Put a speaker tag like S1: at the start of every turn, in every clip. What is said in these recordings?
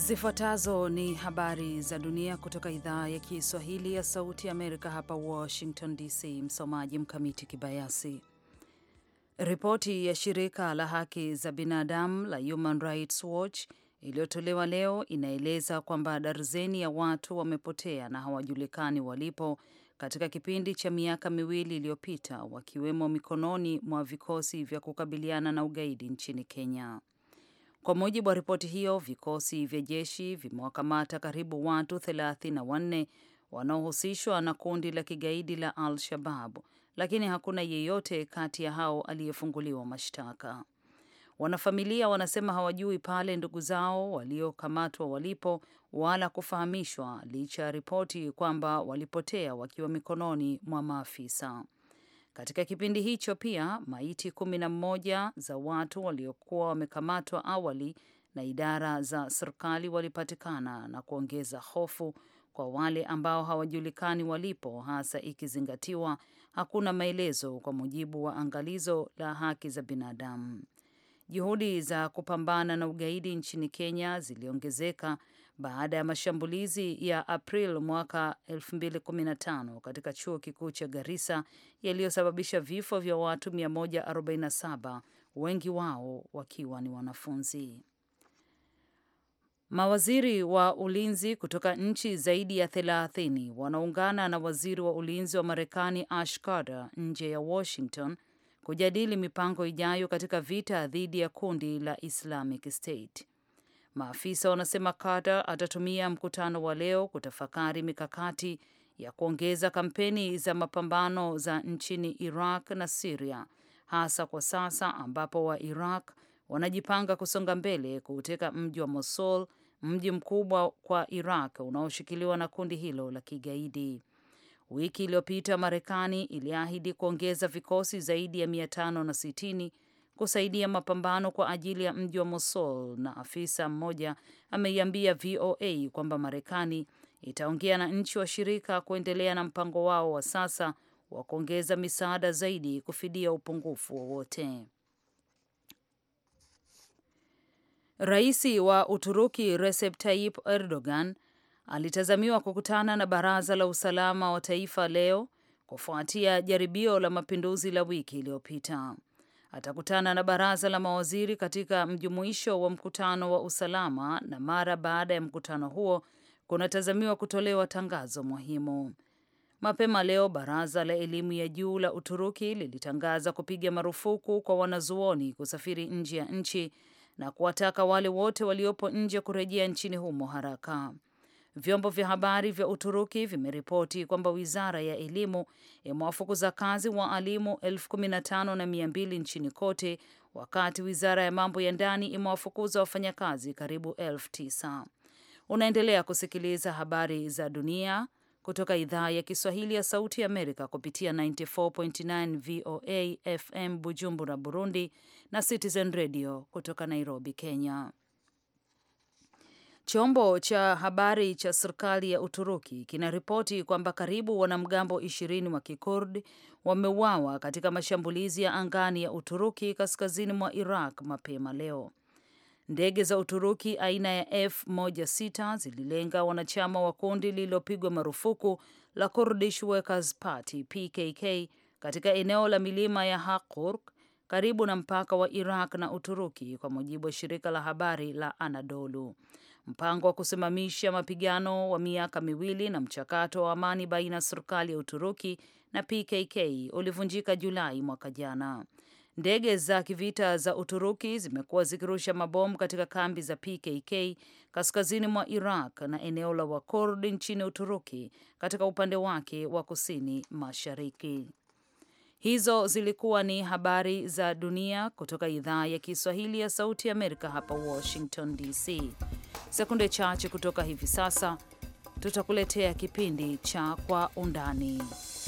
S1: Zifuatazo ni habari za dunia kutoka idhaa ya Kiswahili ya Sauti ya Amerika hapa Washington DC. Msomaji Mkamiti Kibayasi. Ripoti ya shirika la haki za binadamu la Human Rights Watch iliyotolewa leo inaeleza kwamba darzeni ya watu wamepotea na hawajulikani walipo katika kipindi cha miaka miwili iliyopita, wakiwemo mikononi mwa vikosi vya kukabiliana na ugaidi nchini Kenya. Kwa mujibu wa ripoti hiyo, vikosi vya jeshi vimewakamata karibu watu 34 wanaohusishwa na kundi la kigaidi la Al Shabab, lakini hakuna yeyote kati ya hao aliyefunguliwa mashtaka. Wanafamilia wanasema hawajui pale ndugu zao waliokamatwa walipo wala kufahamishwa, licha ya ripoti kwamba walipotea wakiwa mikononi mwa maafisa. Katika kipindi hicho pia maiti kumi na mmoja za watu waliokuwa wamekamatwa awali na idara za serikali walipatikana na kuongeza hofu kwa wale ambao hawajulikani walipo, hasa ikizingatiwa hakuna maelezo, kwa mujibu wa angalizo la haki za binadamu. Juhudi za kupambana na ugaidi nchini Kenya ziliongezeka baada ya mashambulizi ya April mwaka 2015 katika chuo kikuu cha Garissa yaliyosababisha vifo vya watu 147, wengi wao wakiwa ni wanafunzi. Mawaziri wa ulinzi kutoka nchi zaidi ya 30 wanaungana na waziri wa ulinzi wa Marekani Ash Carter nje ya Washington kujadili mipango ijayo katika vita dhidi ya kundi la Islamic State. Maafisa wanasema Carter atatumia mkutano wa leo kutafakari mikakati ya kuongeza kampeni za mapambano za nchini Iraq na Siria, hasa kwa sasa ambapo wa Iraq wanajipanga kusonga mbele kuuteka mji wa Mosul, mji mkubwa kwa Iraq unaoshikiliwa na kundi hilo la kigaidi. Wiki iliyopita Marekani iliahidi kuongeza vikosi zaidi ya 560 kusaidia mapambano kwa ajili ya mji wa Mosul, na afisa mmoja ameiambia VOA kwamba Marekani itaongea na nchi washirika kuendelea na mpango wao wa sasa wa kuongeza misaada zaidi kufidia upungufu wowote. Raisi wa Uturuki Recep Tayyip Erdogan alitazamiwa kukutana na Baraza la Usalama wa Taifa leo kufuatia jaribio la mapinduzi la wiki iliyopita atakutana na baraza la mawaziri katika mjumuisho wa mkutano wa usalama, na mara baada ya mkutano huo kunatazamiwa kutolewa tangazo muhimu. Mapema leo baraza la elimu ya juu la Uturuki lilitangaza kupiga marufuku kwa wanazuoni kusafiri nje ya nchi na kuwataka wale wote waliopo nje kurejea nchini humo haraka. Vyombo vya habari vya Uturuki vimeripoti kwamba wizara ya elimu imewafukuza kazi waalimu elfu kumi na tano na mia mbili nchini kote, wakati wizara ya mambo ya ndani imewafukuza wafanyakazi karibu elfu tisa. Unaendelea kusikiliza habari za dunia kutoka idhaa ya Kiswahili ya Sauti ya Amerika kupitia 94.9 VOA FM Bujumbura, Burundi na Citizen Radio kutoka Nairobi, Kenya. Chombo cha habari cha serikali ya Uturuki kinaripoti kwamba karibu wanamgambo ishirini wa Kikurdi wameuawa katika mashambulizi ya angani ya Uturuki kaskazini mwa Iraq mapema leo. Ndege za Uturuki aina ya F16 zililenga wanachama wa kundi lililopigwa marufuku la Kurdish Workers Party PKK katika eneo la milima ya Hakurk karibu na mpaka wa Iraq na Uturuki, kwa mujibu wa shirika la habari la Anadolu. Mpango wa kusimamisha mapigano wa miaka miwili na mchakato wa amani baina ya serikali ya Uturuki na PKK ulivunjika Julai mwaka jana. Ndege za kivita za Uturuki zimekuwa zikirusha mabomu katika kambi za PKK kaskazini mwa Iraq na eneo la Wakurdi nchini Uturuki katika upande wake wa kusini mashariki. Hizo zilikuwa ni habari za dunia kutoka idhaa ya Kiswahili ya Sauti ya Amerika hapa Washington DC. Sekunde chache kutoka hivi sasa tutakuletea kipindi cha Kwa Undani.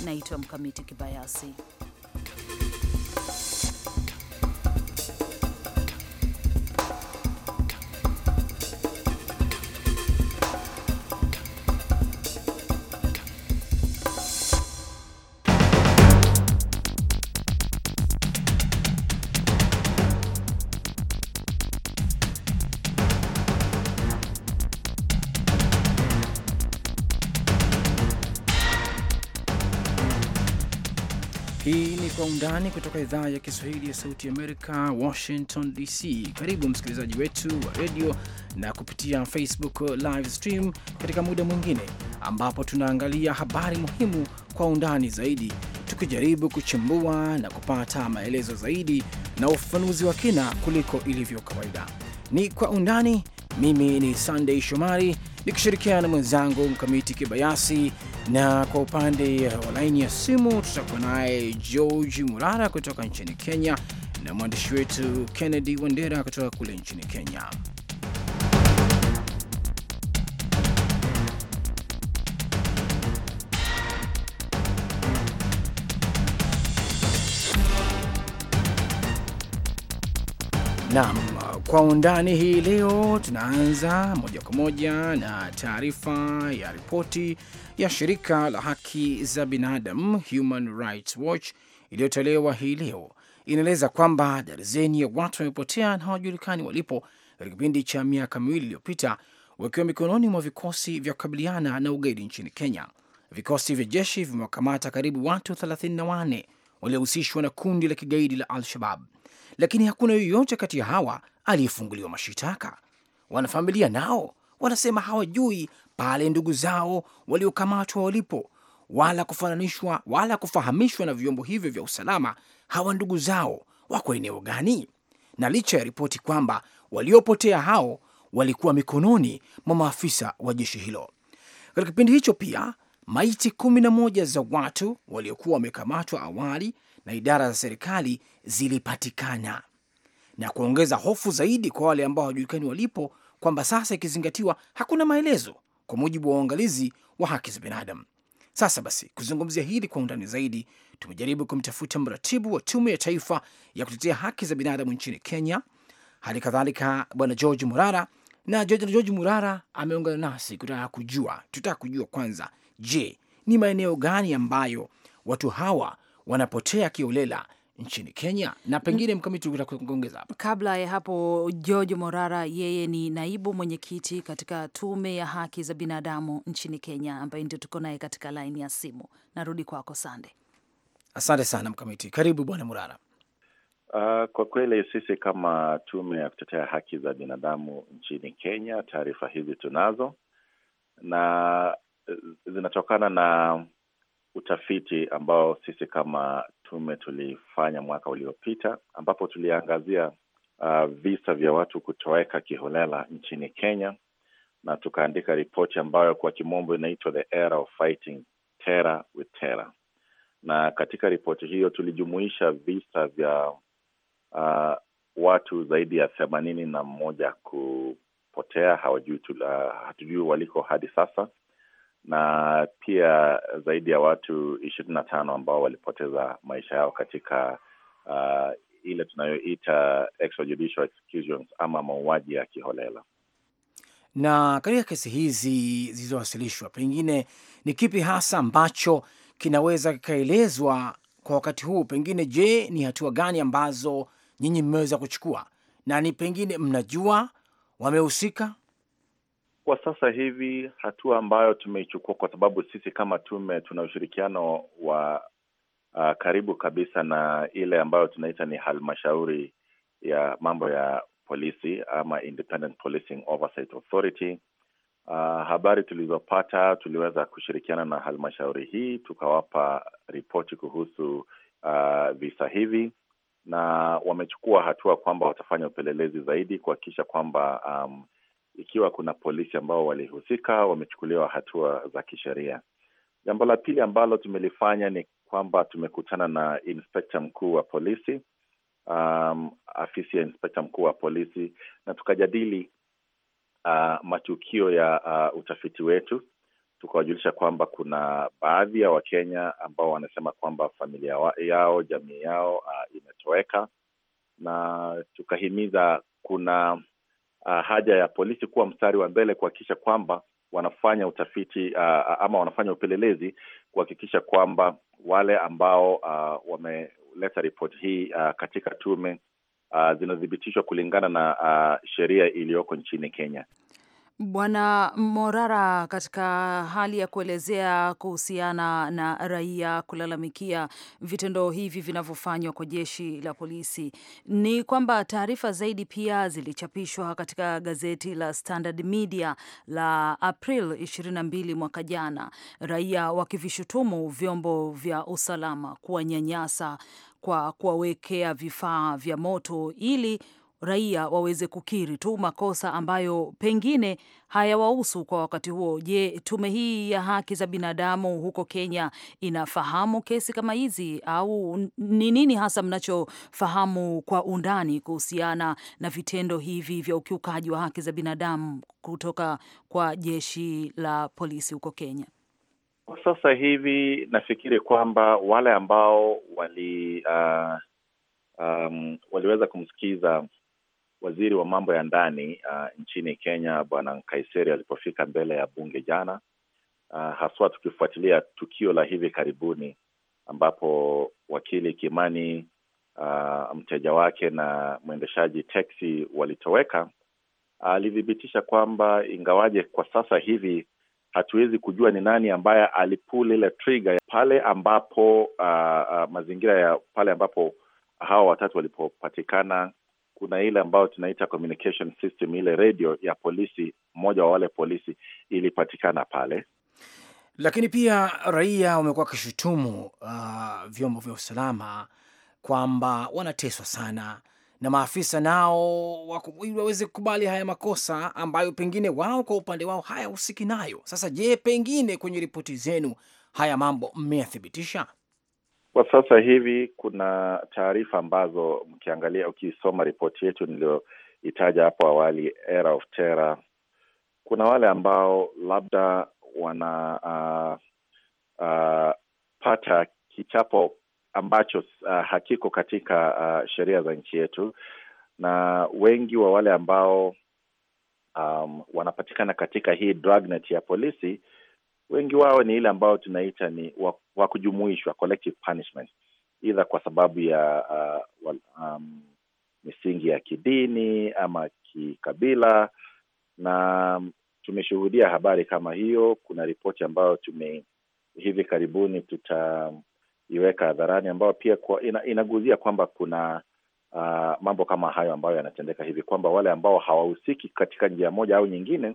S1: Naitwa Mkamiti Kibayasi.
S2: kwa undani kutoka idhaa ya Kiswahili ya Sauti Amerika, Washington DC. Karibu msikilizaji wetu wa redio na kupitia Facebook live stream katika muda mwingine ambapo tunaangalia habari muhimu kwa undani zaidi, tukijaribu kuchimbua na kupata maelezo zaidi na ufafanuzi wa kina kuliko ilivyo kawaida. Ni kwa undani. Mimi ni Sunday Shomari nikishirikiana na mwenzangu Mkamiti Kibayasi, na kwa upande wa laini ya simu tutakuwa naye George murara kutoka nchini Kenya na mwandishi wetu Kennedy Wandera kutoka kule nchini Kenya. Naam. Kwa undani hii leo tunaanza moja kwa moja na taarifa ya ripoti ya shirika la haki za binadamu Human Rights Watch iliyotolewa hii leo inaeleza kwamba darzeni ya watu wamepotea na hawajulikani walipo katika kipindi cha miaka miwili iliyopita, wakiwa mikononi mwa vikosi vya kukabiliana na ugaidi nchini Kenya. Vikosi vya jeshi vimewakamata karibu watu 34 waliohusishwa na kundi la kigaidi la Al-Shabab, lakini hakuna yoyote kati ya hawa aliyefunguliwa mashitaka. Wanafamilia nao wanasema hawajui pale ndugu zao waliokamatwa walipo, wala kufananishwa wala kufahamishwa na vyombo hivyo vya usalama hawa ndugu zao wako eneo gani, na licha ya ripoti kwamba waliopotea hao walikuwa mikononi mwa maafisa wa jeshi hilo. Katika kipindi hicho pia maiti kumi na moja za watu waliokuwa wamekamatwa awali na idara za serikali zilipatikana na kuongeza hofu zaidi kwa wale ambao hawajulikani walipo, kwamba sasa ikizingatiwa hakuna maelezo, kwa mujibu wa uangalizi wa haki za binadamu. Sasa basi, kuzungumzia hili kwa undani zaidi, tumejaribu kumtafuta mratibu wa Tume ya Taifa ya Kutetea Haki za Binadamu nchini Kenya, hali kadhalika Bwana George Murara na George, George Murara ameungana nasi kutaka kujua, tutaka kujua kwanza, je, ni maeneo gani ambayo watu hawa wanapotea kiolela nchini Kenya na pengine mkamiti kuongeza hapa.
S1: Kabla ya hapo, George Morara yeye ni naibu mwenyekiti katika tume ya haki za binadamu nchini Kenya, ambaye ndio tuko naye katika laini ya simu. Narudi kwako Sande.
S2: Asante sana mkamiti, karibu bwana Morara.
S3: Uh, kwa kweli sisi kama tume ya kutetea haki za binadamu nchini Kenya, taarifa hizi tunazo na zinatokana na utafiti ambao sisi kama tume tulifanya mwaka uliopita, ambapo tuliangazia uh, visa vya watu kutoweka kiholela nchini Kenya, na tukaandika ripoti ambayo kwa kimombo inaitwa The Era of Fighting Terror with Terror, na katika ripoti hiyo tulijumuisha visa vya uh, watu zaidi ya themanini na moja kupotea hawajui, uh, hatujui waliko hadi sasa na pia zaidi ya watu ishirini na tano ambao walipoteza maisha yao katika uh, ile tunayoita extrajudicial executions ama mauaji ya kiholela.
S2: Na katika kesi hizi zilizowasilishwa, pengine ni kipi hasa ambacho kinaweza kikaelezwa kwa wakati huu? Pengine je, ni hatua gani ambazo nyinyi mmeweza kuchukua, na ni pengine mnajua wamehusika
S3: kwa sasa hivi hatua ambayo tumeichukua kwa sababu sisi kama tume tuna ushirikiano wa uh, karibu kabisa na ile ambayo tunaita ni halmashauri ya mambo ya polisi ama Independent Policing Oversight Authority. Uh, habari tulizopata tuliweza kushirikiana na halmashauri hii tukawapa ripoti kuhusu uh, visa hivi na wamechukua hatua kwamba watafanya upelelezi zaidi kuhakikisha kwamba um, ikiwa kuna polisi ambao walihusika wamechukuliwa hatua za kisheria. Jambo la pili ambalo tumelifanya ni kwamba tumekutana na inspekta mkuu wa polisi um, afisi ya inspekta mkuu wa polisi na tukajadili uh, matukio ya uh, utafiti wetu. Tukawajulisha kwamba kuna baadhi ya Wakenya ambao wanasema kwamba familia yao, jamii yao uh, imetoweka, na tukahimiza kuna uh, haja ya polisi kuwa mstari wa mbele kuhakikisha kwamba wanafanya utafiti uh, uh, ama wanafanya upelelezi kuhakikisha kwamba wale ambao uh, wameleta ripoti hii uh, katika tume uh, zinathibitishwa kulingana na uh, sheria iliyoko nchini Kenya.
S1: Bwana Morara, katika hali ya kuelezea kuhusiana na raia kulalamikia vitendo hivi vinavyofanywa kwa jeshi la polisi, ni kwamba taarifa zaidi pia zilichapishwa katika gazeti la Standard Media la April 22 mwaka jana, raia wakivishutumu vyombo vya usalama kuwanyanyasa kwa kuwawekea vifaa vya moto ili raia waweze kukiri tu makosa ambayo pengine hayawahusu kwa wakati huo. Je, tume hii ya haki za binadamu huko Kenya inafahamu kesi kama hizi au ni nini hasa mnachofahamu kwa undani kuhusiana na vitendo hivi vya ukiukaji wa haki za binadamu kutoka kwa jeshi la polisi huko Kenya?
S3: Kwa sasa hivi nafikiri kwamba wale ambao wali uh, um, waliweza kumsikiza waziri wa mambo ya ndani uh, nchini Kenya Bwana Kaiseri alipofika mbele ya bunge jana uh, haswa tukifuatilia tukio la hivi karibuni ambapo wakili Kimani uh, mteja wake na mwendeshaji teksi walitoweka, alithibitisha uh, kwamba ingawaje kwa sasa hivi hatuwezi kujua ni nani ambaye alipul ile trigger pale ambapo uh, uh, mazingira ya pale ambapo hawa watatu walipopatikana kuna ile ambayo tunaita communication system, ile redio ya polisi, mmoja wa wale polisi ilipatikana pale.
S2: Lakini pia raia wamekuwa wakishutumu uh, vyombo vya usalama kwamba wanateswa sana na maafisa nao waweze kukubali haya makosa ambayo pengine wao kwa upande wao hayahusiki nayo. Sasa je, pengine kwenye ripoti zenu haya mambo mmeyathibitisha?
S3: Kwa sasa hivi kuna taarifa ambazo mkiangalia, ukisoma ripoti yetu niliyoitaja hapo awali, Era of Terror, kuna wale ambao labda wanapata ah, ah, uh, uh, kichapo ambacho uh, hakiko katika uh, sheria za nchi yetu, na wengi wa wale ambao um, wanapatikana katika hii dragnet ya polisi wengi wao ni ile ambayo tunaita ni wa kujumuishwa collective punishment, idha kwa sababu ya uh, um, misingi ya kidini ama kikabila, na um, tumeshuhudia habari kama hiyo. Kuna ripoti ambayo tume hivi karibuni tutaiweka hadharani, ambayo pia kwa, ina, inaguzia kwamba kuna uh, mambo kama hayo ambayo yanatendeka hivi, kwamba wale ambao hawahusiki katika njia moja au nyingine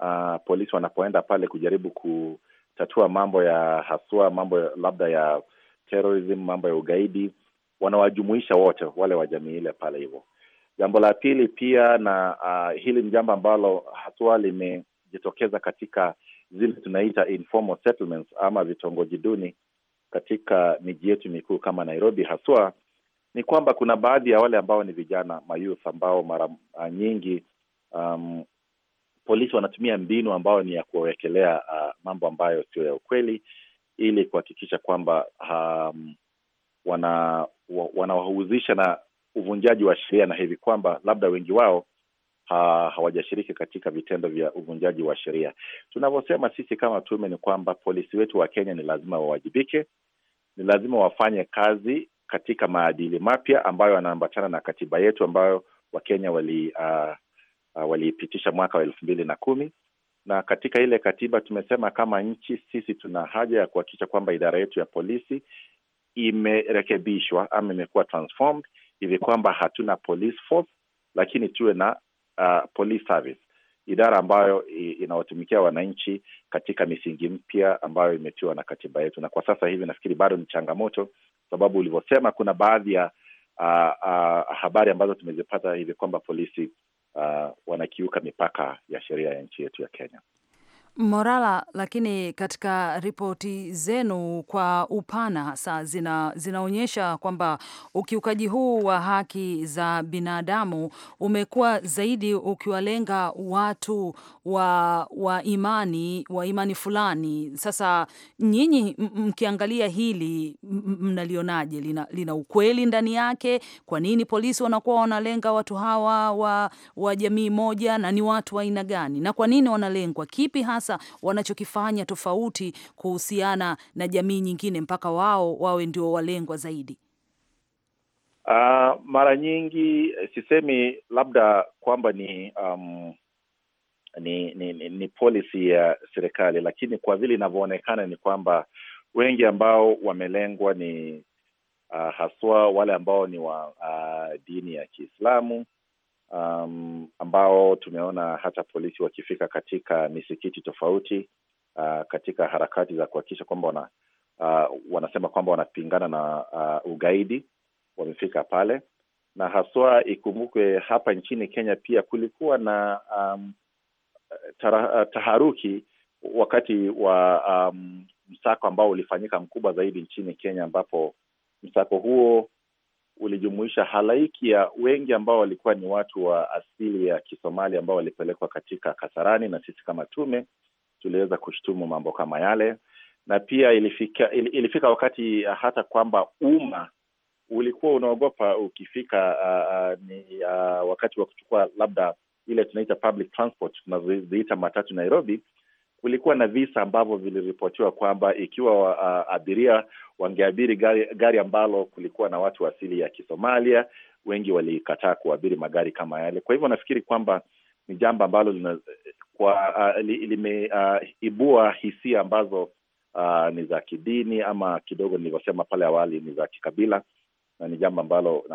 S3: uh, polisi wanapoenda pale kujaribu kutatua mambo ya haswa mambo ya, labda ya terrorism, mambo ya ugaidi, wanawajumuisha wote wale wa jamii ile pale hivyo. Jambo la pili pia na uh, hili ni jambo ambalo haswa limejitokeza katika zile tunaita informal settlements ama vitongoji duni katika miji yetu mikuu kama Nairobi haswa, ni kwamba kuna baadhi ya wale ambao ni vijana mayouth ambao mara uh, nyingi um, polisi wanatumia mbinu ambayo ni ya kuwekelea uh, mambo ambayo sio ya ukweli ili kuhakikisha kwamba um, wana na uvunjaji wa sheria na hivi kwamba labda wengi wao ha, hawajashiriki katika vitendo vya uvunjaji wa sheria. Tunavyosema sisi kama tume ni kwamba polisi wetu wa Kenya ni lazima wawajibike, ni lazima wafanye kazi katika maadili mapya ambayo yanaambatana na katiba yetu ambayo Wakenya wali uh, uh, waliipitisha mwaka wa elfu mbili na kumi na katika ile katiba tumesema kama nchi sisi tuna haja ya kuhakikisha kwamba idara yetu ya polisi imerekebishwa ama imekuwa transformed hivi kwamba hatuna police force, lakini tuwe na uh, police service, idara ambayo inawatumikia wananchi katika misingi mpya ambayo imetiwa na katiba yetu. Na kwa sasa hivi nafikiri bado ni changamoto, sababu ulivyosema, kuna baadhi ya uh, uh, habari ambazo tumezipata hivi kwamba polisi uh, wanakiuka mipaka ya sheria ya nchi yetu ya Kenya.
S1: Morala, lakini katika ripoti zenu kwa upana hasa zina, zinaonyesha kwamba ukiukaji huu wa haki za binadamu umekuwa zaidi ukiwalenga watu wa, wa imani wa imani fulani. Sasa nyinyi mkiangalia hili mnalionaje? Lina, lina ukweli ndani yake? Kwa nini polisi wanakuwa wanalenga watu hawa wa, wa jamii moja na ni watu wa aina gani, na kwa nini wanalengwa? Kipi hasa sasa wanachokifanya tofauti kuhusiana na jamii nyingine mpaka wao wawe ndio walengwa zaidi?
S3: Uh, mara nyingi eh, sisemi labda kwamba ni um, ni, ni, ni, ni policy ya serikali, lakini kwa vile inavyoonekana ni kwamba wengi ambao wamelengwa ni uh, haswa wale ambao ni wa uh, dini ya Kiislamu um, ambao tumeona hata polisi wakifika katika misikiti tofauti uh, katika harakati za kuhakikisha kwamba wana, uh, wanasema kwamba wanapingana na uh, ugaidi. Wamefika pale na haswa ikumbukwe, hapa nchini Kenya pia kulikuwa na um, tara, uh, taharuki wakati wa um, msako ambao ulifanyika mkubwa zaidi nchini Kenya, ambapo msako huo ulijumuisha halaiki ya wengi ambao walikuwa ni watu wa asili ya Kisomali ambao walipelekwa katika Kasarani, na sisi kama tume tuliweza kushtumu mambo kama yale, na pia ilifika, ilifika wakati hata kwamba umma ulikuwa unaogopa ukifika, uh, uh, ni uh, wakati wa kuchukua labda ile tunaita public transport tunazoziita matatu Nairobi, kulikuwa na visa ambavyo viliripotiwa kwamba ikiwa a, uh, abiria wangeabiri gari, gari ambalo kulikuwa na watu wa asili ya Kisomalia, wengi walikataa kuabiri magari kama yale. Kwa hivyo nafikiri kwamba ni jambo ambalo lina, kwa limeibua uh, uh hisia ambazo uh, ni za kidini ama kidogo nilivyosema pale awali ni za kikabila, na ni jambo ambalo uh,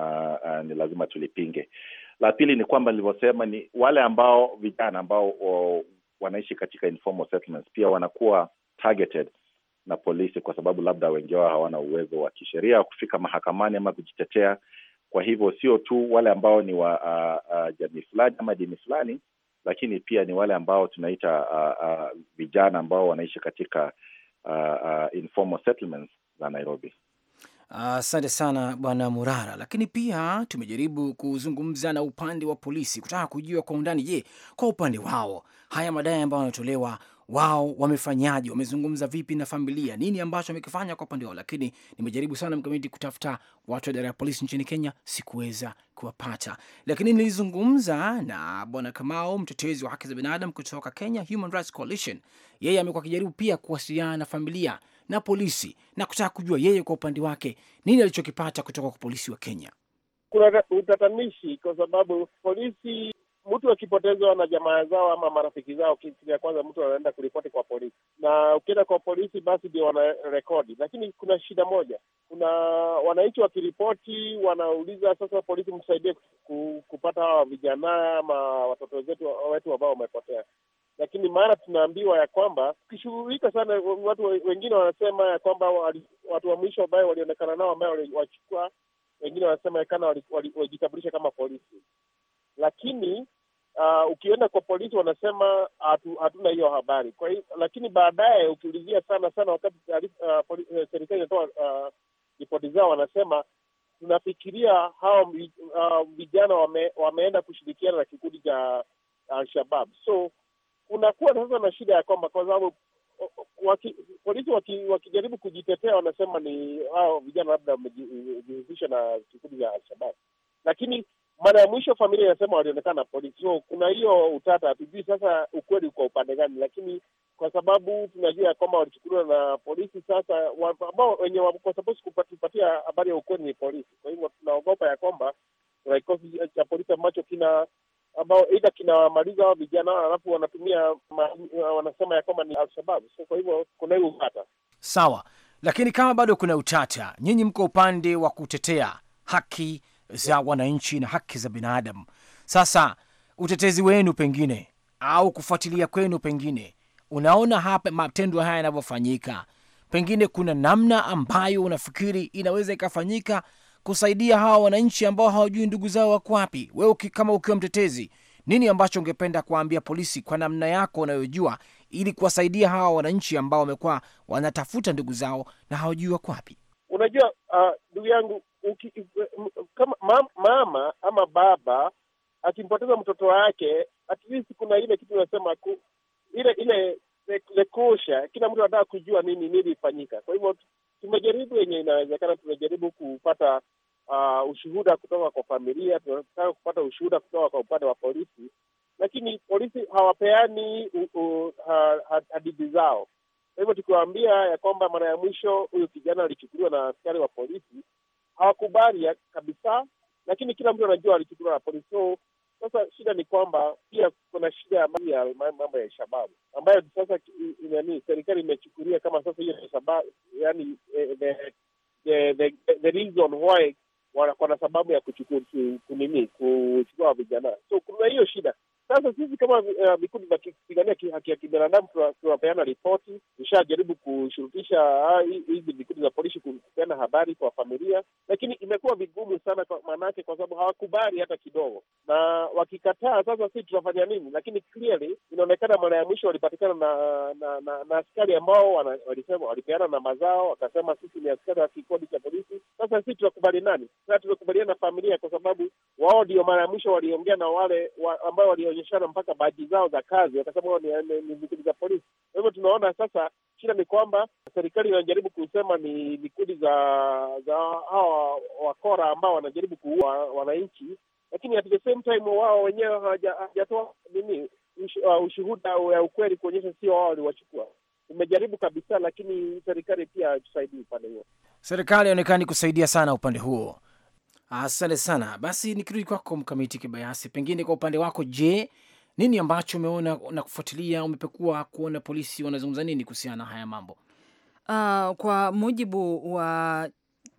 S3: uh, ni lazima tulipinge. La pili ni kwamba nilivyosema, ni wale ambao vijana ambao uh, wanaishi katika informal settlements pia wanakuwa targeted na polisi, kwa sababu labda wengi wao hawana uwezo wa kisheria wa kufika mahakamani ama kujitetea. Kwa hivyo sio tu wale ambao ni wa uh, uh, jamii fulani ama dini fulani, lakini pia ni wale ambao tunaita vijana uh, vijana ambao wanaishi katika uh, uh, informal settlements za Nairobi.
S2: Asante uh, sana bwana Murara. Lakini pia tumejaribu kuzungumza na upande wa polisi kutaka kujua kwa undani, je, kwa upande wao haya madai ambayo wanatolewa wao wamefanyaje? Wamezungumza vipi na familia? Nini ambacho wamekifanya kwa upande wao? Lakini nimejaribu sana mkamiti kutafuta watu wa idara ya polisi nchini Kenya, sikuweza kuwapata, lakini nilizungumza na bwana kamao mtetezi wa haki za binadamu kutoka Kenya Human Rights Coalition. Yeye amekuwa akijaribu pia kuwasiliana na familia na polisi na kutaka kujua yeye kwa upande wake nini alichokipata kutoka kwa polisi wa Kenya.
S4: Kuna utatanishi kwa sababu polisi mtu akipotezwa na jamaa zao ama marafiki zao, kitu ya kwanza mtu anaenda kuripoti kwa polisi, na ukienda kwa polisi basi ndio wanarekodi. Lakini kuna shida moja, kuna wananchi wakiripoti, wanauliza sasa, polisi msaidie kupata hawa vijana ama watoto wetu ambao wamepotea lakini mara tunaambiwa ya kwamba ukishughulika sana, watu wengine wanasema ya kwamba watu wa mwisho ambayo walionekana nao ambayo waliwachukua, wengine kana walijitambulisha kama polisi, lakini uh, ukienda kwa polisi wanasema hatu, hatuna hiyo habari. Kwa hiyo lakini baadaye ukiulizia sana sana, wakati uh, serikali inatoa uh, ripoti zao, wanasema tunafikiria hao vijana uh, wame, wameenda kushirikiana na kikundi cha Al-Shabab. So unakuwa sasa na shida ya kwamba kwa sababu waki, polisi waki, wakijaribu kujitetea wanasema ni hao vijana labda wamejihusisha na shughuli za Alshabab, lakini mara ya mwisho familia inasema walionekana polisi. So kuna hiyo utata, hatujui sasa ukweli uko upande gani, lakini kwa sababu tunajua ya kwamba walichukuliwa na polisi, sasa ambao wenye wako supposed kupatia habari ya ukweli ni polisi. Kwa hivyo tunaogopa ya kwamba kuna kikosi cha polisi ambacho kina ambao ida kinawamaliza hao vijana alafu wanatumia uh, wanasema ya kwamba ni Alshababu. So kwa hivyo kuna hiyo utata
S2: sawa, lakini kama bado kuna utata, nyinyi mko upande wa kutetea haki za wananchi na haki za binadamu. Sasa utetezi wenu pengine au kufuatilia kwenu pengine, unaona hapa matendo haya yanavyofanyika, pengine kuna namna ambayo unafikiri inaweza ikafanyika kusaidia hawa wananchi ambao hawajui ndugu zao wako wapi, wewe kama ukiwa mtetezi, nini ambacho ungependa kuwaambia polisi kwa namna yako unayojua ili kuwasaidia hawa wananchi ambao wamekuwa wanatafuta ndugu zao na hawajui wako wapi?
S4: Unajua ah, ndugu yangu uki, kama mama ama baba akimpoteza mtoto wake, at least kuna ile kitu unasema ku, ile ile lekosha, kila mtu anataka kujua nini nilifanyika. Kwa hivyo tumejaribu yenye inawezekana. Tumejaribu kupata uh, ushuhuda kutoka kwa familia, tunataka kupata ushuhuda kutoka kwa upande wa polisi, lakini polisi hawapeani hadidi zao. Kwa hivyo tukiwaambia ya kwamba mara ya mwisho huyu kijana alichukuliwa na askari wa polisi hawakubali kabisa, lakini kila mtu anajua alichukuliwa na polisi. So sasa shida ni kwamba pia kuna shida ya mambo ya Shababu ambayo sasa nani serikali imechukulia kama sasa hiyo yani, eh, the, the, the, the reason why wana sababu ya kunini kuchukua vijana, so kuna hiyo shida. Sasa sisi kama eh, vikundi uh, vya kupigania haki ya kibinadamu tunapeana ripoti. Tushajaribu kushurutisha ah, hizi vikundi za polisi kupeana habari kwa familia, lakini imekuwa vigumu sana kwa maanake, kwa sababu hawakubali hata kidogo, na wakikataa sasa sii tutafanya nini? Lakini clearly inaonekana mara ya mwisho walipatikana na na, na, na askari ambao walisema walipeana namba zao, wakasema sisi ni askari wa kikodi cha polisi. Sasa sii tunakubali nani? Sasa tumekubaliana na familia, kwa sababu wao ndio mara ya mwisho waliongea na wale wa, ambao walio biashara mpaka baji zao za kazi, wakasema wao ni vikundi za polisi. Kwa hivyo tunaona sasa shida ni kwamba serikali inajaribu kusema ni vikundi za za hawa wakora ambao wanajaribu kuua wananchi, lakini at the same time wao wenyewe hawajatoa nini uh, ushuhuda ya ukweli kuonyesha sio wao waliwachukua. Umejaribu kabisa, lakini serikali pia haitusaidii upande huo.
S2: Serikali haionekani kusaidia sana upande huo. Asante sana. Basi nikirudi kwako Mkamiti Kibayasi, pengine kwa upande wako, je, nini ambacho umeona na kufuatilia, umepekua kuona polisi wanazungumza nini kuhusiana na haya mambo?
S1: Uh, kwa mujibu wa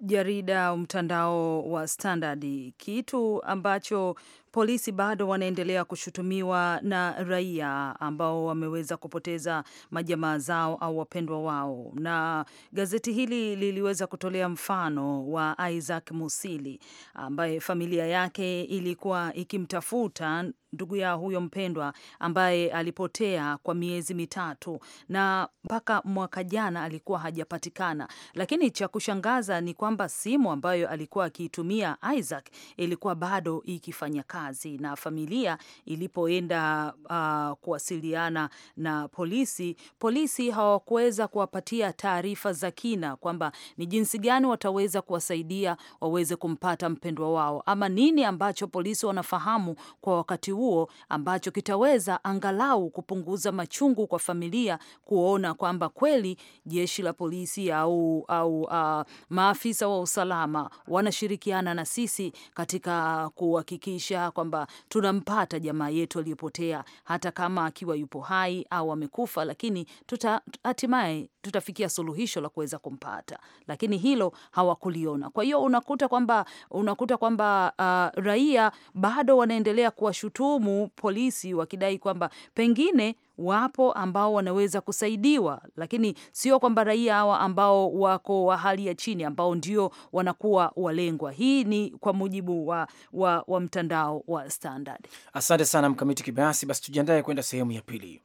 S1: jarida mtandao wa Standard, kitu ambacho polisi bado wanaendelea kushutumiwa na raia ambao wameweza kupoteza majamaa zao au wapendwa wao, na gazeti hili liliweza kutolea mfano wa Isaac Musili ambaye familia yake ilikuwa ikimtafuta ndugu yao huyo mpendwa ambaye alipotea kwa miezi mitatu na mpaka mwaka jana alikuwa hajapatikana. Lakini cha kushangaza ni kwamba simu ambayo alikuwa akiitumia Isaac ilikuwa bado ikifanya kazi kazi na familia ilipoenda uh, kuwasiliana na polisi, polisi hawakuweza kuwapatia taarifa za kina kwamba ni jinsi gani wataweza kuwasaidia waweze kumpata mpendwa wao, ama nini ambacho polisi wanafahamu kwa wakati huo ambacho kitaweza angalau kupunguza machungu kwa familia kuona kwamba kweli jeshi la polisi au, au uh, maafisa wa usalama wanashirikiana na sisi katika kuhakikisha kwamba tunampata jamaa yetu aliyopotea, hata kama akiwa yupo hai au amekufa, lakini tuta, hatimaye tutafikia suluhisho la kuweza kumpata, lakini hilo hawakuliona. Kwa hiyo unakuta kwamba unakuta kwamba uh, raia bado wanaendelea kuwashutumu polisi wakidai kwamba pengine wapo ambao wanaweza kusaidiwa, lakini sio kwamba raia hawa ambao wako wa hali ya chini ambao ndio wanakuwa walengwa. Hii ni kwa mujibu wa, wa, wa mtandao wa Standard.
S2: Asante sana Mkamiti Kibayasi. Basi tujiandae kwenda sehemu ya pili.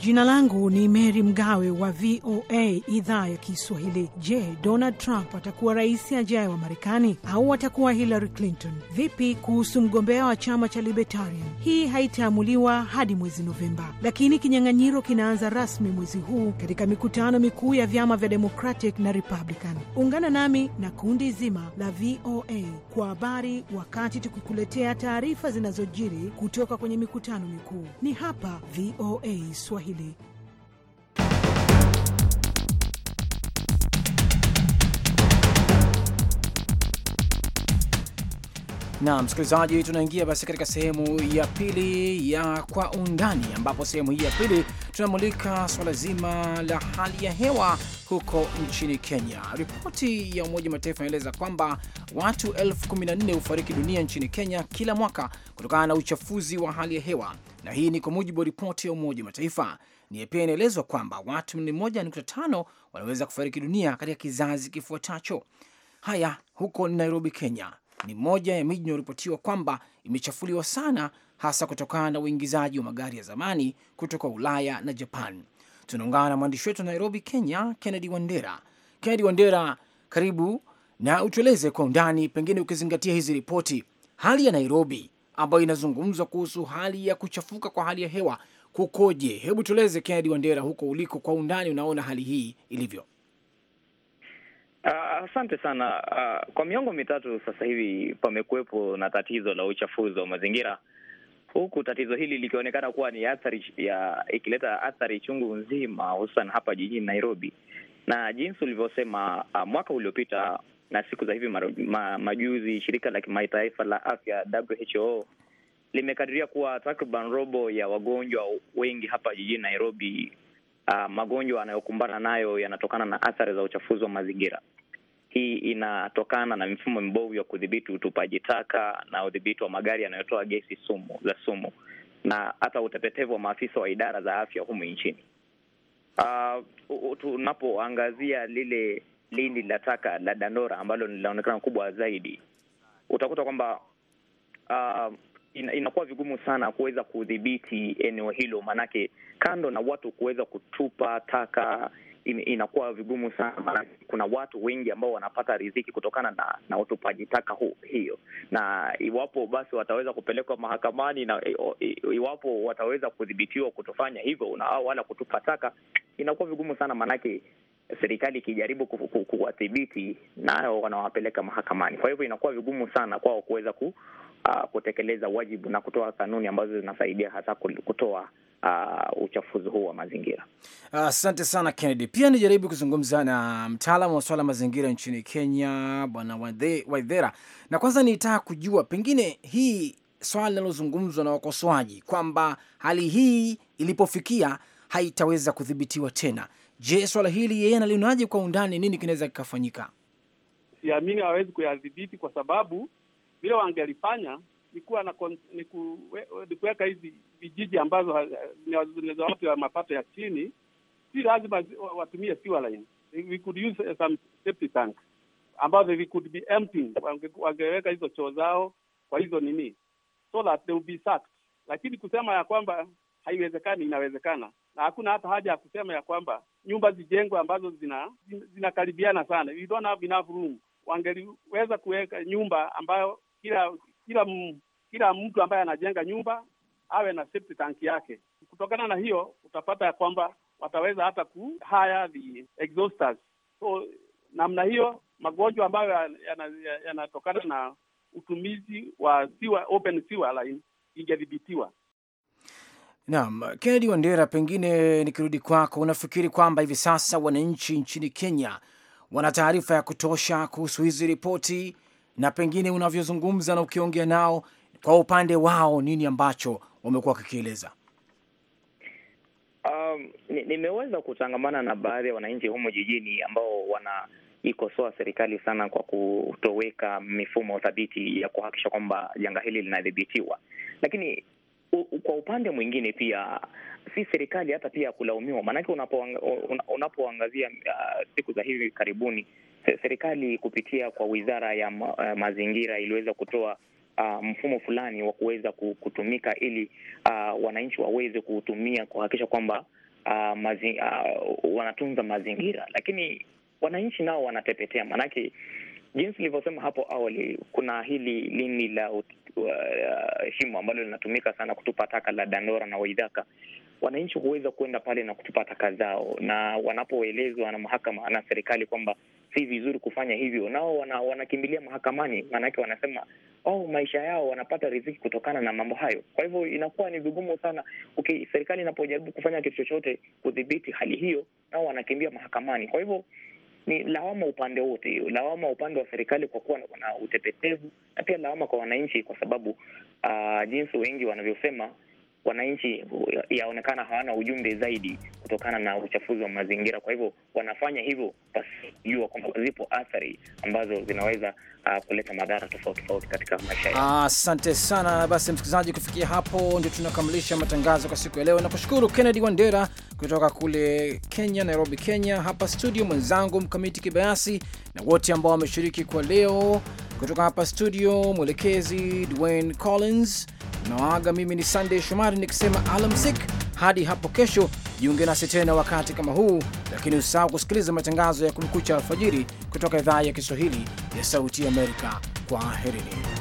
S1: Jina langu ni Mary Mgawe wa VOA idhaa ya Kiswahili. Je, Donald Trump atakuwa rais ajaye wa Marekani au atakuwa Hillary Clinton? Vipi kuhusu mgombea wa chama cha Libertarian? Hii haitaamuliwa hadi mwezi Novemba, lakini kinyang'anyiro kinaanza rasmi mwezi huu katika mikutano mikuu ya vyama vya Democratic na Republican. Ungana nami na kundi zima la VOA kwa habari, wakati tukikuletea taarifa zinazojiri kutoka kwenye mikutano mikuu. Ni hapa VOA Swahili. Really.
S2: na msikilizaji tunaingia basi katika sehemu ya pili ya kwa undani, ambapo sehemu hii ya pili tunamulika swala zima la hali ya hewa huko nchini Kenya. Ripoti ya Umoja wa Mataifa inaeleza kwamba watu elfu kumi na nne hufariki dunia nchini Kenya kila mwaka kutokana na uchafuzi wa hali ya hewa, na hii ni kwa mujibu wa ripoti ya Umoja wa Mataifa. Ni pia inaelezwa kwamba watu milioni moja nukta tano wanaweza kufariki dunia katika kizazi kifuatacho. Haya, huko Nairobi, Kenya, ni moja ya miji inayoripotiwa kwamba imechafuliwa sana, hasa kutokana na uingizaji wa magari ya zamani kutoka Ulaya na Japan. Tunaungana na mwandishi wetu Nairobi, Kenya, Kennedy Wandera. Kennedy Wandera, karibu na utueleze kwa undani, pengine ukizingatia hizi ripoti, hali ya Nairobi ambayo inazungumzwa kuhusu hali ya kuchafuka kwa hali ya hewa kukoje? Hebu tueleze Kennedy Wandera, huko uliko, kwa undani unaona hali hii ilivyo. Ah,
S5: asante uh, sana uh, kwa miongo mitatu sasa hivi pamekuwepo na tatizo la uchafuzi wa mazingira, huku tatizo hili likionekana kuwa ni athari ya ikileta athari chungu nzima, hususan hapa jijini Nairobi, na jinsi ulivyosema, uh, mwaka uliopita na siku za hivi maru, ma, majuzi shirika la kimataifa la afya WHO limekadiria kuwa takriban robo ya wagonjwa wengi hapa jijini Nairobi uh, magonjwa anayokumbana nayo yanatokana na athari za uchafuzi wa mazingira. Hii inatokana na mifumo mibovu ya kudhibiti utupaji taka na udhibiti wa magari yanayotoa gesi sumu za sumu na hata utepetevu wa maafisa wa idara za afya humu nchini. Uh, tunapoangazia lile lindi la taka la Dandora ambalo linaonekana kubwa zaidi, utakuta kwamba uh, in, inakuwa vigumu sana kuweza kudhibiti eneo hilo, maanake kando na watu kuweza kutupa taka in, inakuwa vigumu sana maanake kuna watu wengi ambao wanapata riziki kutokana na, na utupaji taka hu, hiyo, na iwapo basi wataweza kupelekwa mahakamani na iwapo wataweza kudhibitiwa kutofanya hivyo na wala kutupa taka, inakuwa vigumu sana maanake serikali ikijaribu kuwadhibiti nayo wanawapeleka mahakamani. Kwa hivyo inakuwa vigumu sana kwao kuweza ku, uh, kutekeleza wajibu na kutoa kanuni ambazo zinasaidia hasa kutoa uh, uchafuzi huu wa mazingira.
S2: Asante uh, sana Kennedy. Pia nijaribu kuzungumza na mtaalamu wa swala mazingira nchini Kenya, Bwana Waidhera, na kwanza nitaka kujua pengine hii swala linalozungumzwa na wakosoaji kwamba hali hii ilipofikia haitaweza kudhibitiwa tena. Je, swala hili yeye analionaje kwa undani? Nini kinaweza kikafanyika?
S4: Siamini hawezi kuyadhibiti kwa sababu vile wangelifanya ni kuwa na ni, kuweka hizi vijiji ambazo zinaweza watu wa mapato ya chini, si lazima watumie sewer line. We could use uh, some septic tank ambazo we could be emptying, wangeweka hizo choo zao kwa hizo nini, so that they will be sacked. Lakini kusema ya kwamba haiwezekani, inawezekana, na hakuna hata haja ya kusema ya kwamba nyumba zijengwe ambazo zina zinakaribiana sana, we don't have enough room. Wangeliweza kuweka nyumba ambayo kila kila m, kila mtu ambaye anajenga nyumba awe na septic tank yake. Kutokana na hiyo utapata ya kwamba wataweza hata ku hire the exhausters. So namna hiyo magonjwa ambayo yanatokana ya na utumizi wa siwa, open siwa line ingedhibitiwa.
S2: Naam, Kennedy Wandera, pengine nikirudi kwako, unafikiri kwamba hivi sasa wananchi nchini Kenya wana taarifa ya kutosha kuhusu hizi ripoti na pengine unavyozungumza na ukiongea nao, kwa upande wao nini ambacho wamekuwa wakikieleza?
S5: Um, nimeweza ni kutangamana na baadhi ya wananchi humo jijini ambao wanaikosoa serikali sana kwa kutoweka mifumo thabiti ya kuhakikisha kwamba janga hili linadhibitiwa, lakini u, kwa upande mwingine pia si serikali hata pia kulaumiwa, maanake unapoangazia unapo uh, siku za hivi karibuni serikali kupitia kwa wizara ya ma, uh, mazingira iliweza kutoa uh, mfumo fulani wa kuweza kutumika ili uh, wananchi waweze kutumia kuhakikisha kwamba uh, mazi, uh, wanatunza mazingira, lakini wananchi nao wanatepetea, maanake jinsi nilivyosema hapo awali, kuna hili lini la uh, shimo ambalo linatumika sana kutupa taka la Dandora na Waidhaka wananchi huweza kuenda pale na kutupa taka zao, na wanapoelezwa na mahakama na serikali kwamba si vizuri kufanya hivyo, nao wana, wanakimbilia mahakamani, maanake wanasema oh, maisha yao wanapata riziki kutokana na mambo hayo. Kwa hivyo inakuwa ni vigumu sana okay, serikali inapojaribu kufanya kitu chochote kudhibiti hali hiyo, nao wanakimbia mahakamani. Kwa hivyo ni lawama upande wote, lawama upande wa serikali kwa kuwa na utepetevu na pia lawama kwa wananchi, kwa sababu uh, jinsi wengi wanavyosema wananchi yaonekana hawana ujumbe zaidi kutokana na uchafuzi wa mazingira. Kwa hivyo wanafanya hivyo pasijua kwamba zipo athari ambazo zinaweza uh, kuleta madhara tofauti tofauti katika maisha yao.
S2: Ah, asante ah, sana. Basi msikilizaji, kufikia hapo ndio tunakamilisha matangazo kwa siku ya leo. Nakushukuru Kennedy Wandera kutoka kule Kenya, Nairobi, Kenya. Hapa studio mwenzangu Mkamiti Kibayasi na wote ambao wameshiriki kwa leo. Kutoka hapa studio mwelekezi Dwayne Collins Nawaaga mimi ni Sunday Shomari nikisema alamsik hadi hapo kesho. Jiunge nasi tena wakati kama huu, lakini usisahau kusikiliza matangazo ya Kumekucha alfajiri kutoka idhaa ya Kiswahili ya Sauti Amerika. kwa Kwaherini.